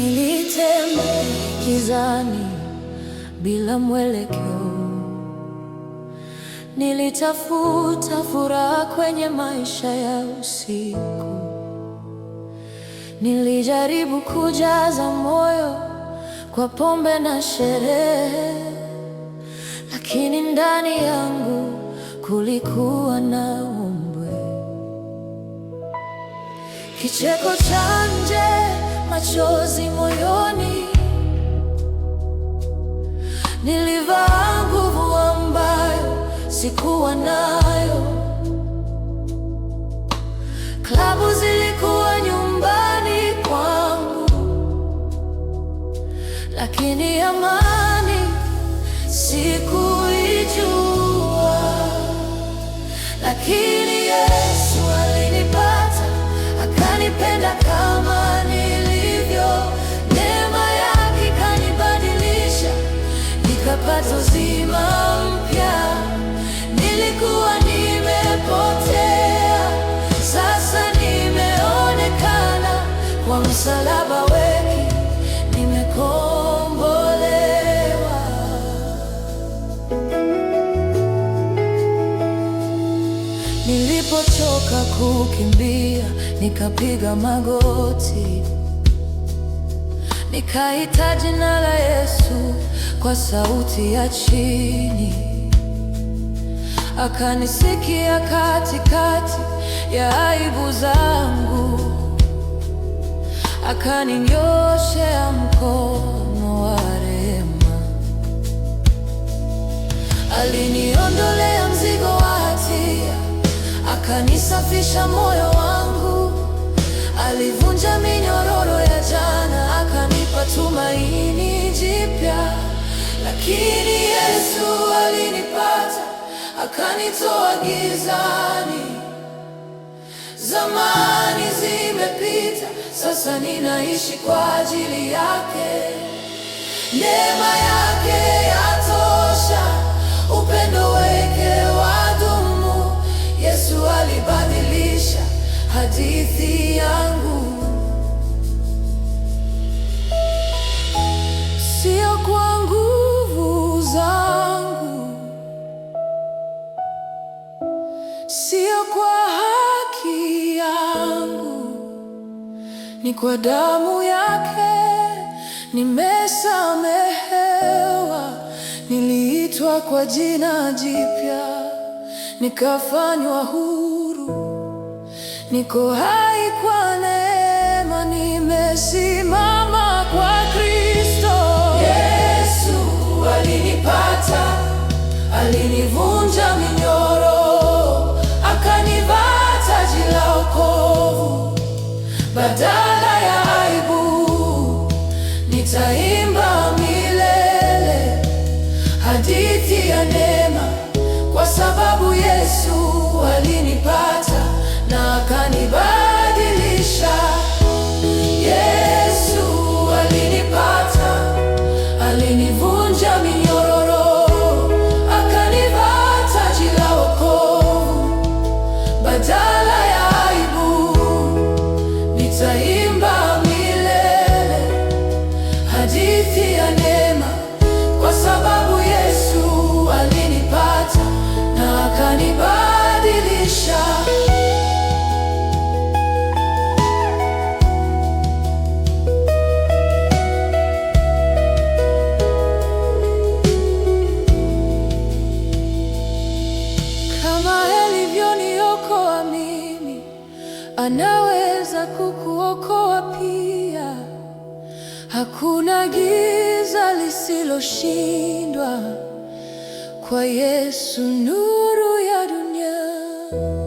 Nilitembea gizani bila mwelekeo, nilitafuta furaha kwenye maisha ya usiku. Nilijaribu kujaza moyo kwa pombe na sherehe, lakini ndani yangu kulikuwa na umbwe kicheko cha nje machozi moyoni, nilivaa nguvu ambayo sikuwa nayo. Klabu zilikuwa nyumbani kwangu, lakini amani sikuijua, lakini nimekombolewa. Nilipochoka kukimbia, nikapiga magoti, nikaita jina la Yesu kwa sauti ya chini, akanisikia katikati ya aibu zangu akaninyoshea mkono wa rehema, aliniondolea mzigo wa hatia, akanisafisha moyo wangu, alivunja minyororo ya jana, akanipa tumaini jipya. Lakini Yesu alinipata, akanitoa gizani sasa ninaishi kwa ajili yake. Neema yake yatosha, upendo wake wadumu. Yesu alibadilisha hadithi yangu, sio kwa nguvu zangu, sio kwa ni kwa damu yake nimesamehewa, niliitwa kwa jina jipya, nikafanywa huru, niko hai kwa neema, nimesimama kwa Kristo. Yesu alinipata, alinivunja minyo kupitia neema, kwa sababu Yesu alinipata na akanibadilisha. Kama alivyoniokoa mimi, anaweza kuku Hakuna giza lisiloshindwa kwa Yesu, nuru ya dunia.